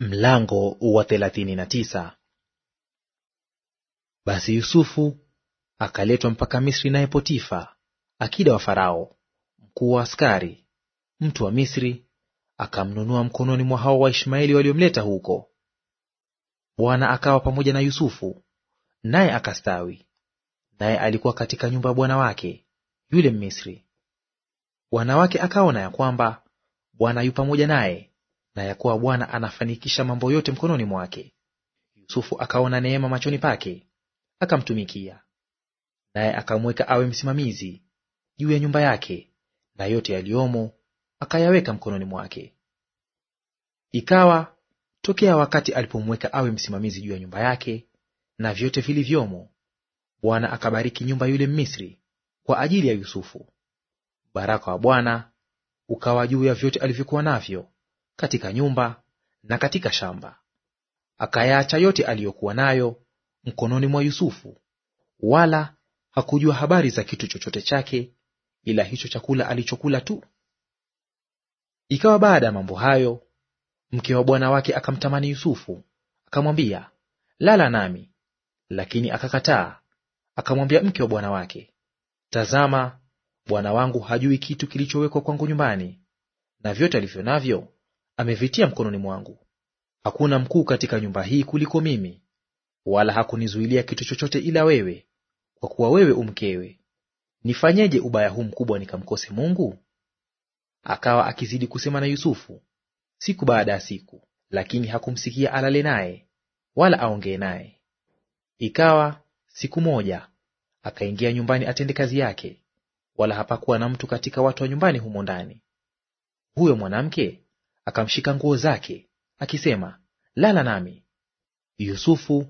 Mlango wa thelathini na tisa. Basi Yusufu akaletwa mpaka Misri, naye Potifa akida wa Farao, mkuu wa askari, mtu wa Misri, akamnunua mkononi mwa hao Waishmaeli waliomleta huko. Bwana akawa pamoja na Yusufu, naye akastawi, naye alikuwa katika nyumba ya bwana wake yule Mmisri. Bwana wake akaona ya kwamba Bwana yu pamoja naye na ya kuwa Bwana anafanikisha mambo yote mkononi mwake. Yusufu akaona neema machoni pake, akamtumikia. Naye akamweka awe msimamizi juu ya nyumba yake, na yote yaliyomo akayaweka mkononi mwake. Ikawa tokea wakati alipomweka awe msimamizi juu ya nyumba yake na vyote vilivyomo, Bwana akabariki nyumba yule Mmisri kwa ajili ya Yusufu. Baraka wa Bwana ukawa juu ya vyote alivyokuwa navyo katika nyumba na katika shamba. Akayaacha yote aliyokuwa nayo mkononi mwa Yusufu, wala hakujua habari za kitu chochote chake, ila hicho chakula alichokula tu. Ikawa baada ya mambo hayo, mke wa bwana wake akamtamani Yusufu, akamwambia, lala nami. Lakini akakataa, akamwambia mke wa bwana wake, tazama, bwana wangu hajui kitu kilichowekwa kwangu nyumbani, na vyote alivyo navyo amevitia mkononi mwangu. Hakuna mkuu katika nyumba hii kuliko mimi, wala hakunizuilia kitu chochote ila wewe, kwa kuwa wewe umkewe. Nifanyeje ubaya huu mkubwa nikamkose Mungu? Akawa akizidi kusema na Yusufu siku baada ya siku, lakini hakumsikia alale naye wala aongee naye. Ikawa siku moja akaingia nyumbani atende kazi yake, wala hapakuwa na mtu katika watu wa nyumbani humo ndani. Huyo mwanamke akamshika nguo zake akisema, lala nami. Yusufu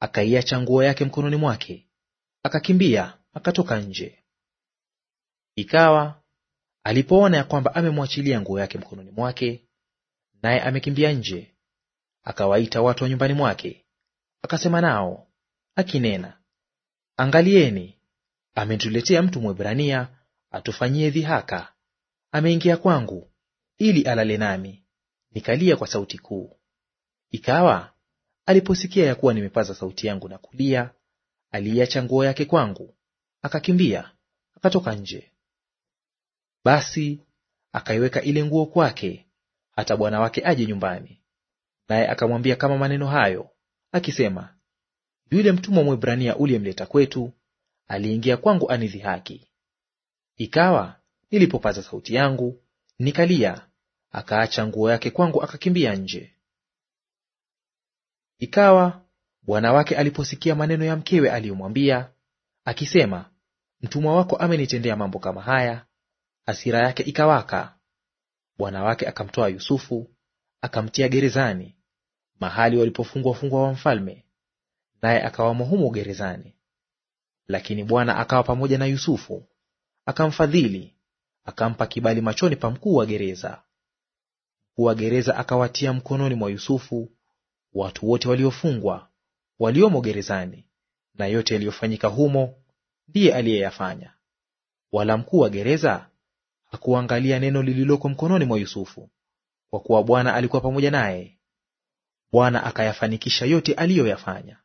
akaiacha nguo yake mkononi mwake, akakimbia akatoka nje. Ikawa alipoona ya kwamba amemwachilia nguo yake mkononi mwake, naye amekimbia nje, akawaita watu wa nyumbani mwake, akasema nao akinena, angalieni, ametuletea mtu Mwebrania atufanyie dhihaka, ameingia kwangu ili alale nami, nikalia kwa sauti kuu. Ikawa aliposikia ya kuwa nimepaza sauti yangu na kulia, aliacha nguo yake kwangu, akakimbia akatoka nje. Basi akaiweka ile nguo kwake hata bwana wake aje nyumbani, naye akamwambia kama maneno hayo akisema, yule mtumwa Mwebrania uliyemleta kwetu aliingia kwangu anidhihaki. Ikawa nilipopaza sauti yangu nikalia, akaacha nguo yake kwangu akakimbia nje. Ikawa bwana wake aliposikia maneno ya mkewe aliyomwambia akisema, mtumwa wako amenitendea mambo kama haya, hasira yake ikawaka. Bwana wake akamtoa Yusufu akamtia gerezani, mahali walipofungwa wafungwa wa mfalme, naye akawamo humo gerezani. Lakini Bwana akawa pamoja na Yusufu, akamfadhili, akampa kibali machoni pa mkuu wa gereza. Mkuu wa gereza akawatia mkononi mwa Yusufu watu wote waliofungwa waliomo gerezani, na yote yaliyofanyika humo ndiye aliyeyafanya. Wala mkuu wa gereza hakuangalia neno lililoko mkononi mwa Yusufu, kwa kuwa Bwana alikuwa pamoja naye. Bwana akayafanikisha yote aliyoyafanya.